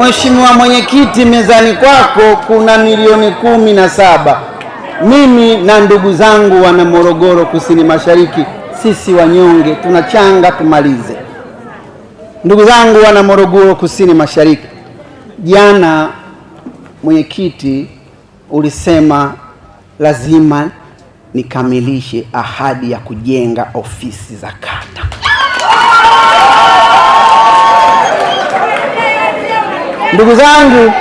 Mheshimiwa Mwenyekiti, mezani kwako kuna milioni kumi na saba. Mimi na ndugu zangu wana Morogoro Kusini Mashariki, sisi wanyonge tunachanga tumalize. Ndugu zangu wana Morogoro Kusini Mashariki, jana mwenyekiti ulisema lazima nikamilishe ahadi ya kujenga ofisi za kata Ndugu zangu,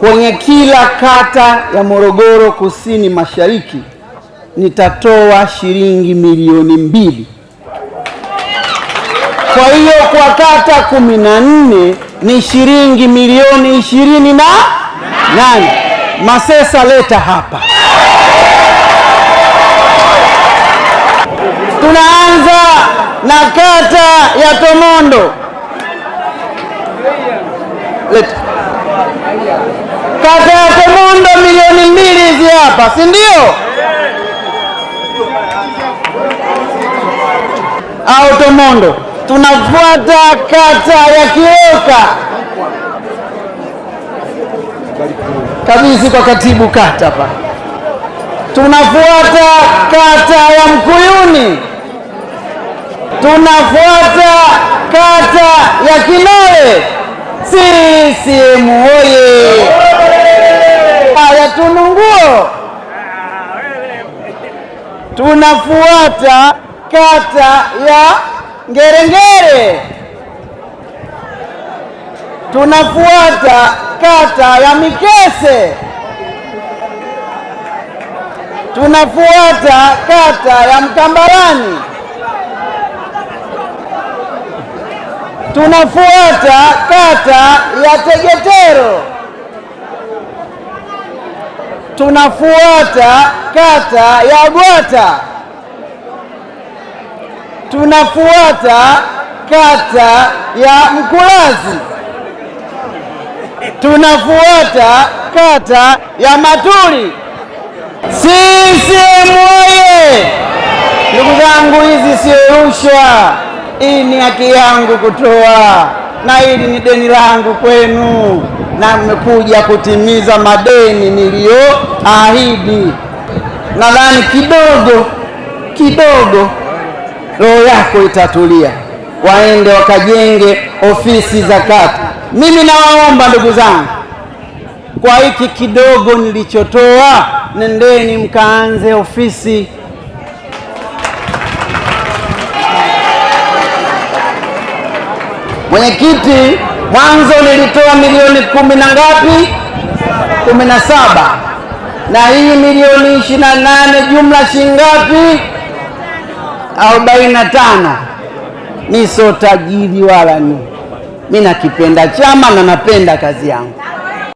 kwenye kila kata ya Morogoro Kusini Mashariki nitatoa shilingi milioni mbili. Kwa hiyo kwa kata kumi na nne ni shilingi milioni ishirini na nane. Masesa, leta hapa. Tunaanza na kata ya Tomondo leta kata ya Komondo milioni mbili hizi hapa, si ndio? au Tomondo tunafuata kata ya kioka kabisa kwa katibu kata pa, tunafuata kata ya Mkuyuni, tunafuata kata ya Kinoe. CCM oye! Haya, Tununguo tunafuata kata ya Ngerengere, tunafuata kata ya Mikese, tunafuata kata ya Mkambarani. tunafuata kata ya Tegetero, tunafuata kata ya Bwata, tunafuata kata ya Mkulazi, tunafuata kata ya Matuli. Sisi moye! Ndugu zangu, hizi sio rushwa hii ni haki yangu kutoa na hili ni deni langu kwenu, na mmekuja kutimiza madeni niliyoahidi. Nadhani kidogo kidogo roho yako itatulia, waende wakajenge ofisi za kata. Mimi nawaomba ndugu zangu, kwa hiki kidogo nilichotoa, nendeni mkaanze ofisi. Mwenyekiti, mwanzo nilitoa milioni kumi na ngapi? kumi na saba na hii milioni ishirini na nane jumla shingapi? arobaini na tano. Mi sio tajiri wala ni mi nakipenda chama na napenda kazi yangu.